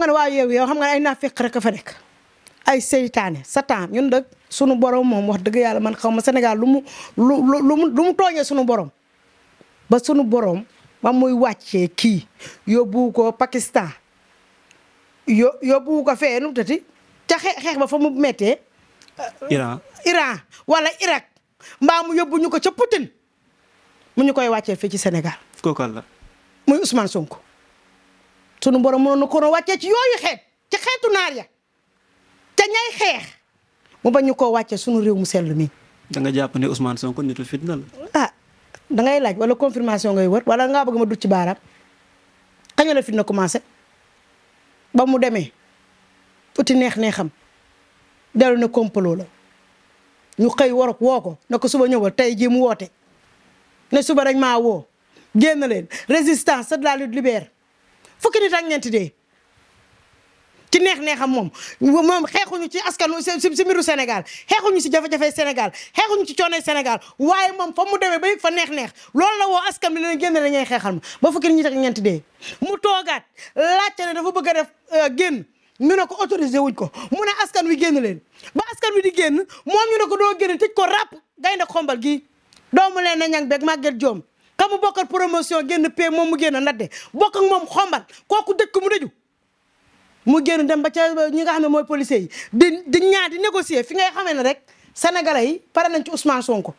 nga ne waa xam nga ne ay naafeq rek a fa nekk ay seytaane satan ñun dëgg sunu borom moom wax dëgg yàlla man xaw ma Sénégal lu mu lu lu tooñee sunu borom ba sunu borom ba muy wàccee kii yóbbu ko Pakistan yo yóbbu ko fee nu tati ca xeex ba fa mu méttee. Euh, Iran Iran wala Irak mbaa mu yóbbu ñu ko ca Poutine mu ñu koy wàccee fii ci Sénégal. muy Ousmane Sonko. sunu borom mënoon na ko wàccee ci yooyu xeet ci xeetu naar ya te ñay xeex mu bañ ñu koo wàccee sunu réew mu sell mi. da nga jàpp ne Ousmane Sonko nitu fitna la. ah dangay laaj wala confirmation ngay wër wala ngaa bëgg ma dut ci baaraam kañ la fitna commencé ba mu demee tuuti neex neexam dellu ne complot la ñu xëy warok woo ko na ko suba ñëwal tey jii mu woote ne suba dañ maa woo génn leen résistance c'est de la lutte libère. fukki nit ak ñeenti dee ci neex-neexam moom moom xeexuñu ci askanu si mbiru Sénégal xeexuñu si jafe-jafe Sénégal ci coono Sénégal waaye moom fa mu demee ba yëg fa neex-neex loolu la woo askan bi leen génn la ñuy ba fukki nit ak ñeenti dee mu toogaat laajte ne dafa bëgg a def euh, génn ñu ne ko autorisé wuñ ko mu ne askan wi génn leen ba askan wi di génn moom ñu ne ko doo génn tëj ko ràpp gaynde xombal gii doomu leen na ñang beeg màgget joom mu bokkal promotion génn pee moom mu génn nadde bokk ak moom xombal kooku dëkk mu dëju mu génn dem ba ca ñi nga xam ne mooy policiers yi di di ñaar di négocier fi ngay xamee ne rek sénégalais yi pare nañ ci Ousmane Sonko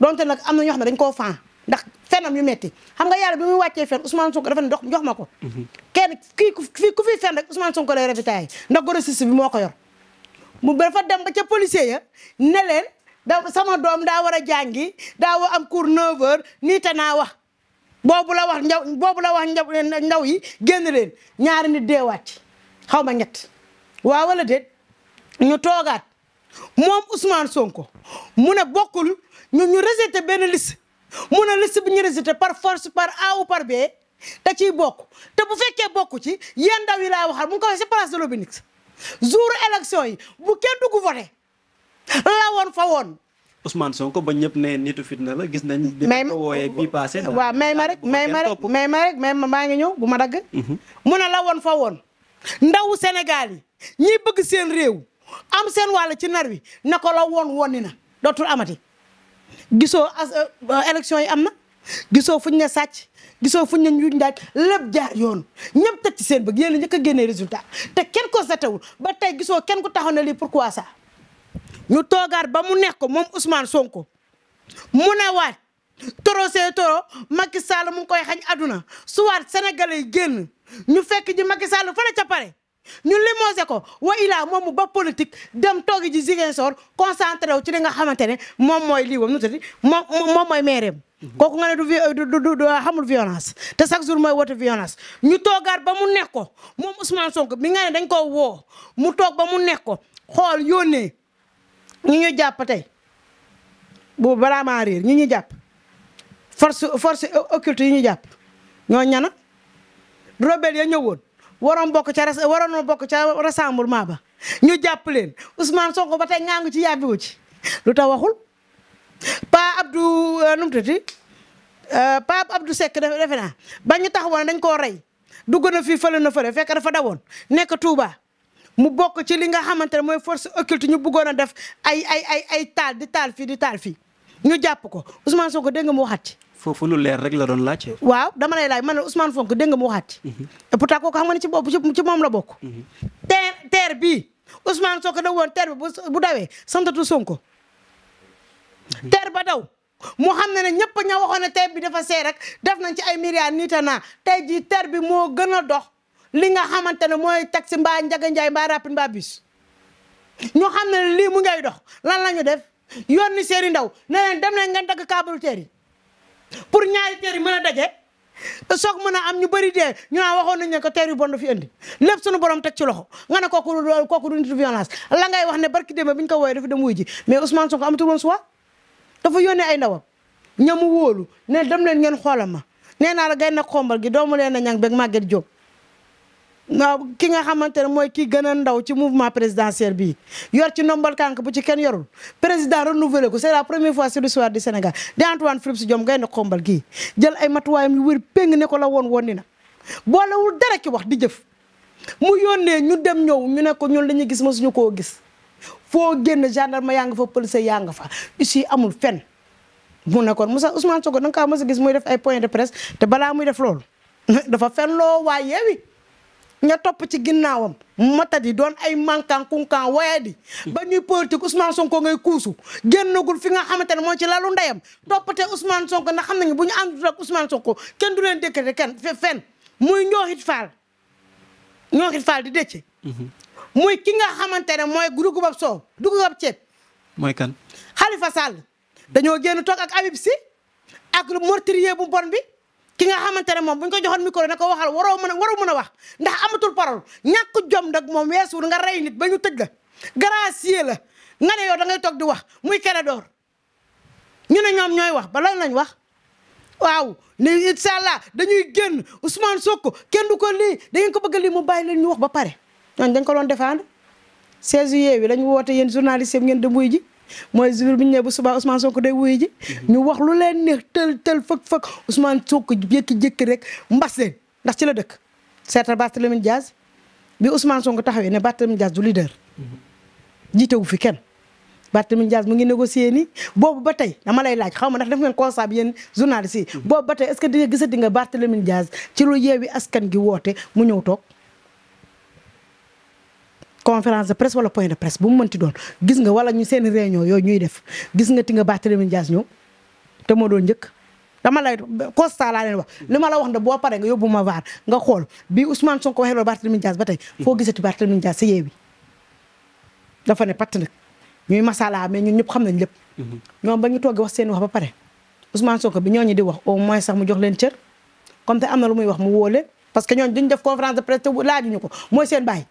donte nag am na ñoo xam ne dañ koo faan ndax fenam yu metti xam nga yàlla bi muy wàccee fen Ousmane Sonko dafa ne dox jox ma ko mhm. kenn kii fii ku fi fen rek Ousmane Sonko lay rafetaay ndax grossiste bi moo ko yor mu dafa dem ba ca policier ya ne leen da sama doom daa war a jàngi daa war am cours 9 nii te wax boobu la wax njaw boobu la wax ndaw yi génn leen ñaari nit deewaat ci xaw ma ñett waaw wala ñu toogaat moom Ousmane Sonko mu ne bokkul ñu ñu rejeté benn liste mu ne liste bi ñu rejeté par force par A ou par B da ciy bokk te bu fekkee bokku ci yéen ndaw yi laay waxal mu ngi ko waxee si place de l'Obélisque jour élection yi bu kenn dugg voté la woon fa woon. Ousmane Sonko ba ñëpp ne nitu fitna la gis nañ. mais ko wooyee bii passé. waaw may ma rek may ma rek may ma rek may ma maa ngi ñëw bu ma dagg. Mhm. mu ne la woon fa woon. ndawu Sénégal yi ñi bëgg seen réew am seen wàll ci nar wi na la woon woon ni na dootul amati. gisoo as euh, euh, élection yi am na gisoo fuñ ne sàcc gisoo fuñ ne njuuj njaaj lépp jaar yoon ñëpp teg ci seen bëgg yéen a génnee résultat te kenn constaté wul ba tey gisoo kenn ku taxaw ne lii pourquoi ça. ñu toogaat ba mu nekk ko moom Ousmane Sonko mu ne waay toro see toro Macky Sall mu koy xañ aduna suwaat sénégalais yi génn ñu fekk ji Macky Sall fële ca pare ñu limosé ko wa ilaa moom mu ba politique dem toogi ji Ziguinchor concentré wu ci li nga xamante ne moom mooy lii wam nu tati moom moom mooy maireem kooku nga ne du du du te chaque jour mooy woote violence ñu toogaat ba mu nekk moom Ousmane Sonko bi nga ne dañ koo woo mu toog ba mu nekk ko xool yónnee ñu ñu jàpp tey boobu balaa maa réer ñi ñu jàpp force force occulte yi ñu jàpp ñoo ñana rebelle ya ñëwoon waroon bokk ca waroon bokk ca rassemblement ba ñu jàpp leen Ousmane Sonko ba tey ngaangu ci yàbbiwu ci lu tax waxul Pa Abdou euh, nu mu tuddati euh, Pa Abdou Seck defe naa ba ñu taxawoon dañ koo rey dugg na fii fële na fële fekk dafa dawoon nekk Touba. mu bokk ci li nga xamante ne mooy force occulte ñu bëggoon a def ay ay ay taal di taal fii di taal fii ñu jàpp ko Ousmane Sonko dégg nga mu waxaat foofu lu leer rek la doon laajte. waaw dama lay laaj man la Ousmane Sonko dégg nga mu waxaat ci. Mhm. et pourtant kooku xam nga ne ci bopp ci moom la bokk. Mhm. teer bi bii Ousmane Sonko da woon teer bi bu dawee santatu Sonko. Mhm. ter ba daw. mu xam ne ne ñëpp ña waxoon ne bi dafa seer rek def nañ ci ay milliards niita naa tey jii teer bi moo gën a dox lii nga xamante ne mooy taxi mbaa njaga njaay mbaa rapide mbaa bis ñu xam ne lii mu ngay dox lan la ñu def yónni seeni ndaw ne leen dem leen ngeen dagg kaabalu teer yi pour ñaari teer yi mën a daje soog mën am ñu bëri dee ñu naan waxoon nañ ne ko teer yu bon fi indi borom teg ci loxo nga ne kooku kooku du nitu violence la ngay wax ne barki démb bi ñu ko wooyee dafa dem wuy ji mais Ousmane Sonko amatul woon suwa dafa yónnee ay ndawam ñamu wóolu ne dem leen ngeen xoolal ma nee naa la gay na xombal gi doomu leen na ñang beeg Maguette Diop ki nga xamante ne mooy ki gën a ndaw ci mouvement présidentiel bi yor ci nombal kànk bu ci kenn yorul président renouvelé ko c'est la première fois sur l'histoire du Sénégal di Antoine Félix Diome ngay na xombal gii jël ay matuwaayam yu wër péng ne ko la woon woon ni na boolewul dara ki wax di jëf mu yónnee ñu dem ñëw ñu ne ko ñun la ñuy gis ma suñu koo gis foo génn gendarme yaa nga fa police yaa nga fa ici amul fenn mu ne kon Moussa Ousmane Sonko da nga kaa mos a gis muy def ay point de presse te balaa muy def loolu dafa fen loo waaye yeewi ña topp ci ginnaawam matadi doon ay mankan kunkan waaye di ba ñuy politique Ousmane Sonko ngay kuusu génnagul fi nga xamante ne moo ci lalu ndeyam toppatee usmaan Sonko ndax xam nañu bu ñu àndul ak Ousmane Sonko kenn du leen décréter kenn fenn muy ñooxit faal ñooxit faal di dëcc. Mhm. muy ki nga xamante ne mooy dugubab soow dugubab ceeb. mooy kan. Khalifa Sall dañoo génn toog ak Habib Sy ak meurtrier bu bon bi. ki nga xamante ne moom bu ñu ko joxoon micro ne ko waxal waroo mën a waroo mën a wax ndax amatul parole ñàkk jom nag moom weesuul nga rey nit ba ñu tëj la gracier la nga ne yow da ngay toog di wax muy kene door ñu ne ñoom ñooy wax ba lan lañ wax waaw ni incha allah dañuy génn Ousmane Sonko kenn du ko lii dangeen ko bëgg lii mu bàyyi leen ñu wax ba pare ñooñ dañ ko doon défendre 16 juillet bi lañ woote yéen journaliste yi ngeen dem wuy ji mooy jour bi ñu ne bu subaa Ousmane Sonko day wuyu ji. ñu wax lu leen neex tël tël fëk fëk Ousmane Sonko jékki-jékki rek mbas leen ndax ci la dëkk. seetal Barthélémy Diaz bi Ousmane sonk taxawee ne Barthélémy Diaz du leader. wu fi kenn. Barthélémy Diaz mu ngi négocier ni boobu ba tey dama lay laaj xaw ma ndax def ngeen constat bi yéen journaliste yi. Mm-hmm. boobu ba tey est-ce que di nga gisati nga Barthélémy ci lu yeewi askan gi woote mu ñëw toog. conférence de presse wala point de presse bu mu mënti doon gis nga wala ñu seen réunion yooyu ñuy def gis nga ti nga Barthélémy Dias ñëw te moo doon jëkk dama lay constat laa leen wax li ma la wax ne boo pare nga yóbbu ma vaar nga xool bii bi Ousmane Sonko waxee loolu Barthélémy Dias ba tey foo gisati Barthélémy Dias sa yeewi dafa ne patt nag ñuy masala mais ñun ñëpp xam nañ lépp mhm. ñoom ba ñu toogee wax seen wax ba pare Ousmane ko bi ñooñu di wax au moins sax mu jox leen cër comme am lu muy wax mu wóole parce que ñooñu duñ def conférence de presse te laajuñu ko mooy seen bàyyi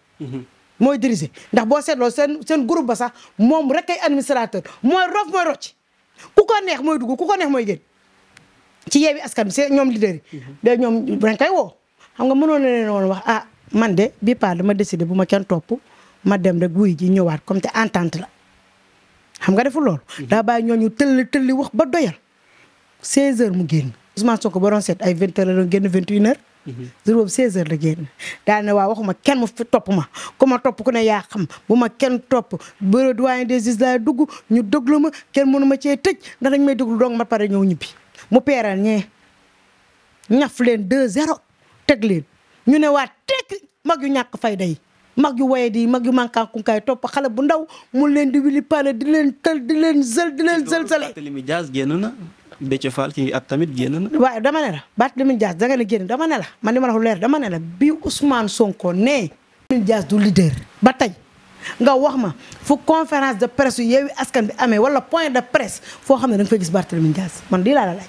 mooy diriger ndax boo seetloo seen seen groupe ba sax moom rek ay administrateur mooy rof mooy rocc ku ko neex mooy dugg ku ko neex mooy génn ci yeewi askan bi seen ñoom leader yi. Mhm. ñoom dañ koy woo xam nga mënoon na leen woon wax ah man de bi pa ma décidé bu ma kenn topp ma dem rek wuy ji ñëwaat comme te entente la xam nga deful loolu. Mhm. daa bàyyi ñooñu tëlli tëlli wax ba doyal 16h mu génn Ousmane Sonko ba doon seet ay 20h la doon génn 21h. jour boobu 16h la génn daal ne waa waxuma kenn mu fi topp ma ku ma topp ku ne yaa xam bu ma kenn topp bureau doyen des juges laa dugg ñu déglu ma kenn mënu ma cee tëj ndax dañ may déglu dong ma pare ñëw ñibbi mu peeral ñee ñaf leen 2-0 teg leen ñu ne waa tekki mag yu ñàkk fayda mag yu waye di mag yu mankankunkaay topp xale bu ndaw mu leen di wili pale di leen tël di leen zël di leen zël zële. Déthié Fall ci at tamit génn na. waaw dama ne la Barthélémy danga ne génn dama ne man li ma la wax leer dama ne la bi Ousmane Sonko nee. du leader ba tey nga wax ma fu conférence de presse yeewi askan bi amee wala point de presse foo xam ne da nga fay gis Barthélémy Dias man di laa la laaj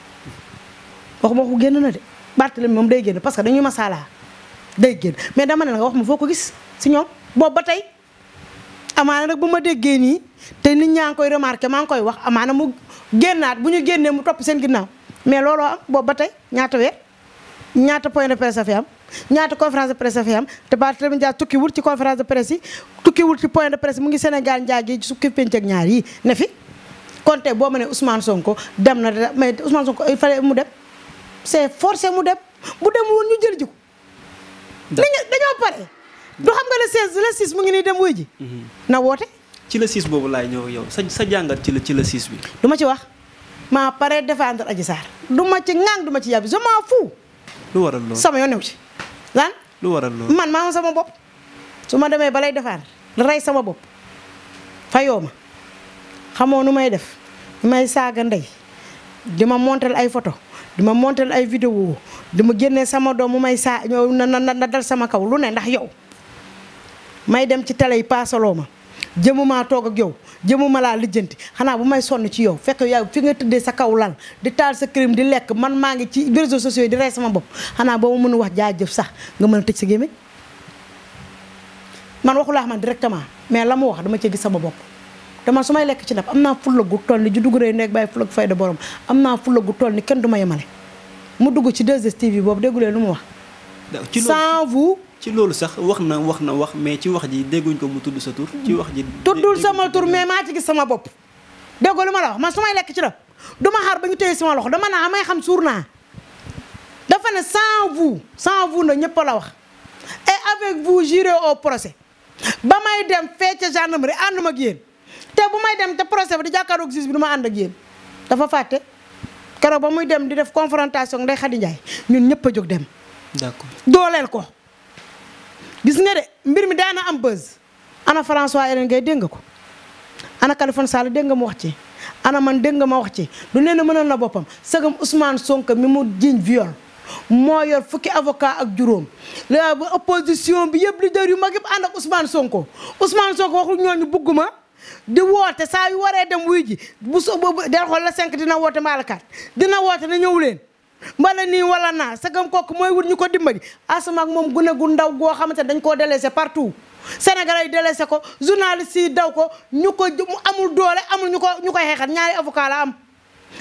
waxuma ko génn na de Barthélémy moom day génn parce que dañuy masala day génn mais dama ne nga wax ma foo ko gis si ñoom boobu ba tey. amaana nag bu ma déggee nii te nit ñaa ngi koy remarqué maa ngi koy wax amaana mu génnaat bu ñu génnee mu topp seen ginnaaw mais looloo am boobu ba tey ñaata we ñaata point de presse a fi am ñaata conférence de presse a fi am te Barthélémy Dias tukki wul ci conférence de presse yi tukki wul ci point de presse mu ngi Sénégal njaag yi sukki pénc ak ñaar yi ne fi kon tey boo ma ne Ousmane Sonko dem na mais Ousmane Sonko il fallait mu dem c'est forcé mu dem bu dem woon ñu ko dañoo du xam nga le 16 le 6 mu ngi nii dem wuy ji. Mhm. na woote. ci la 6 boobu laay ñëw yow sa sa jàngat ci la ci le 6 bi. du ma ci wax maa pare défendre Adji Sarr du ma ci ŋang du ma ci yàbbi je m'en fous. lu waral loolu sama yoon new lan. lu waral loolu man maa sama bopp su ma demee balay défendre rey sama bopp fayoo ma xamoo nu may def nu may saaga ndey di ma montel ay photo di ma montel ay vidéo di ma génnee sama doom mu may saa ñoo na na na dal sama kaw lu ne ndax yow. may dem ci télé yi paasaloo ma jëmumaa toog ak yow jëmuma laa lijjanti xanaa bu may sonn ci yow fekk yow fi nga tëddee sa kaw lal di taal sa crime di lekk man maa ngi ci réseaux sociaux yi di rey sama bopp xanaa boo ma mën wax jaajëf sax nga mën a tëj sa gémmiñ man waxulaa man directement mais la mu wax dama cee gis sama bopp dama su may lekk ci ndab am naa fulla gu toll ni ju dugg rey nekk bàyyi fulla fay da borom am naa fulla gu toll ni kenn du ma mu dugg ci 2STV boobu déggulee lu mu wax ci loolu sax wax na wax na wax mais ci wax ji dégguñ ko mu tudd sa tur. ci wax ji tuddul sama tur mais maa ci gis sama bopp. déggoo ma wax man su may lekk ci la du ma ba ñu téye sama loxo dama naa may xam suur naa dafa ne sans vous na ñëpp la wax et avec vous j'irai au procès ba may dem fee ca gendarmerie ànduma ak yéen te bu may dem te procès bi di jàkkaaroog juge bi du ànd ak yéen dafa fàtte keroog ba muy dem di def confrontation Ndeye Khady Ndiaye ñun ñëpp a jóg dem. dooleel ko. gis nga de mbir mi daana am buzz ana François Hélène Gueye dégg nga ko ana Khalifa Sall dégg nga ma wax ci ana man dégg nga ma wax ci lu nee na mënoon na boppam sagam Ousmane Sonko mi mu jiiñ viol moo yor fukki avocat ak juróom la ba opposition bi yëpp leader yu mag yëpp ànd ak Ousmane Sonko Ousmane Sonko waxul ñooñu bugguma di woote saa yu waree dem wuy ji bu so del xool la cinq dina woote maalakat dina woote na ñëw leen mbala nii wala naa sagam kooku mooy wut ñu ko dimbali Asma moom gune gu ndaw goo xamante dañ koo délaissé partout Sénégalais yi délaissé ko journaliste yi daw ko ñu ko amul doole amul ñu ko ñu ko xeexat ñaari avocat la am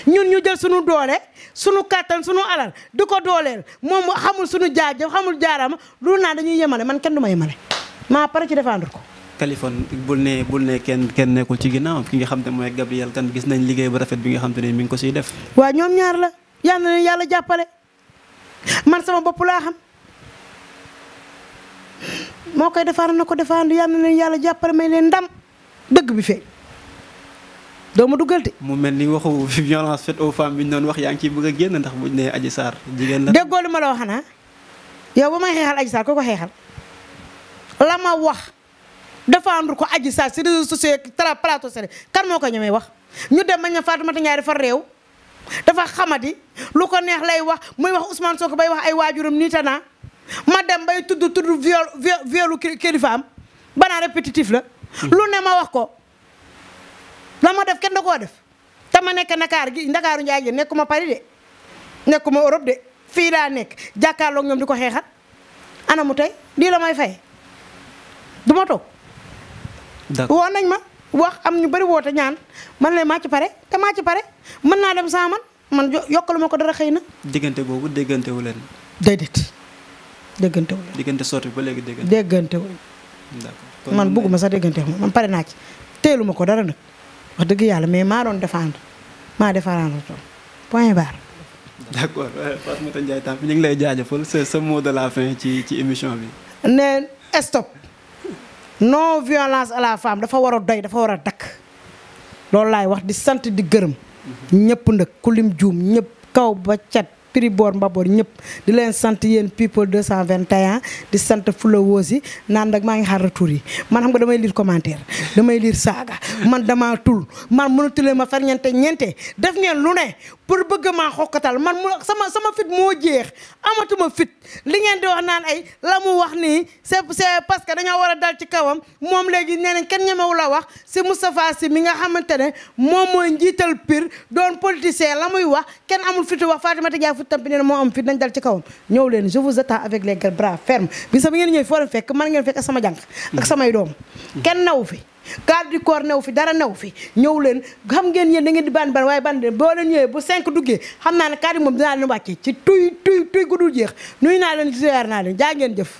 ñun ñu jël suñu doole suñu kàttan suñu alal di ko dooleel moom xamul suñu jaajëf xamul jaarama lu naa dañuy yemale man kenn du ma yemale maa pare ci défendre ko téléphone bul ne bul ne kenn kenn nekkul ci ginnaaw ki nga xam te mooy Gabriel gis nañ liggéey bu rafet bi nga xam te ne mi ngi ko siy def yal leen yàlla jàppale man sama bopp laa xam moo koy defaan na ko defaandu yal na leen yàlla jàppale may leen ndam dëgg bi feeñ doo ma duggal de. mu mel ni waxu violence faite aux femmes bi ñu doon wax yaa ngi ciy bëgg a génn ndax buñ nee Adji Sarr jigéen la. déggoo li ma la wax naa yow ba may xeexal Adji Sarr ko ko xeexal la ma wax défendre ko Adji Sarr si réseaux sociaux yi tra plateau kan moo ko ñemee wax ñu dem ma ne Fatoumata Ñaari far réew. dafa xamadi lu ko neex lay wax muy wax Ousmane Sonko bay wax ay waajuram niita naa ma dem bay tudd tudd viol violu kilifaam banaa répétitif la lu ne ma wax ko la ma def kenn da koo def te ma nekk Ndakaar gi Ndakaaru njaay gi nekkuma Paris de nekkuma Europe de fii laa nekk jàkkaarloog ñoom di ko xeexat ana mu tey lii la may fay du ma toog woon nañ ma wax am ñu bari woote ñaan man leen maa ci pare te maa ci pare mën naa dem saa man man yokkalu ma ko dara xëy na. diggante boobu déggante wu leen. déedéet déggante wu leen. diggante sotti ba léegi déggante. déggante wu d'accord man bëgguma sax déggante wu man pare naa ci teeluma ko dara nag wax dëgg yàlla mais maa doon défendre maa défendre toon point barre. d'accord euh, Fatoumata Ndiaye Tampi ñu ngi lay jaajëfal sa sa mot de la fin ci ci émission bi. ne stop. non violence à la femme dafa war a doy dafa war a dakk loolu laay wax di sant di gërëm ñëpp nag ku lim juum ñëpp kaw ba cat prix boor mbaboor ñëpp di leen sant yéen people 221 di sant followers yi naan nag maa ngi xaar retour yi man xam nga damay liir commentaire damay liir saaga man dama tul man mënatulee ma fer ñeente def ngeen lu ne pour bëgg maa xokkatal man mu sama sama fit moo jeex amatuma fit li ngeen di wax naan ay la mu wax nii c'est se parce que dañoo war a dal ci kawam moom léegi nee nañ kenn ñemewu la wax si Moustapha Sy mi nga xamante ne moom mooy njiital piir doon politicien la muy wax kenn amul fitu wax Fatimata Ndiaye fu tampi nee moo am fit nañ dal ci kawam ñëw leen je vous attends avec les bras fermes bi ngeen ñëw foo leen fekk man ngeen fekk ak sama jànq ak samay doom kenn naw fi garde du corps new fi dara new fi ñëw leen xam ngeen yéen da ngeen di ban ban waaye ban boo leen ñëwee bu cinq duggee xam naa ne kaddu moom dinaa leen wàcce ci tuy tuy tuy gudul jeex nuyu naa leen ziar naa leen jaa ngeen jëf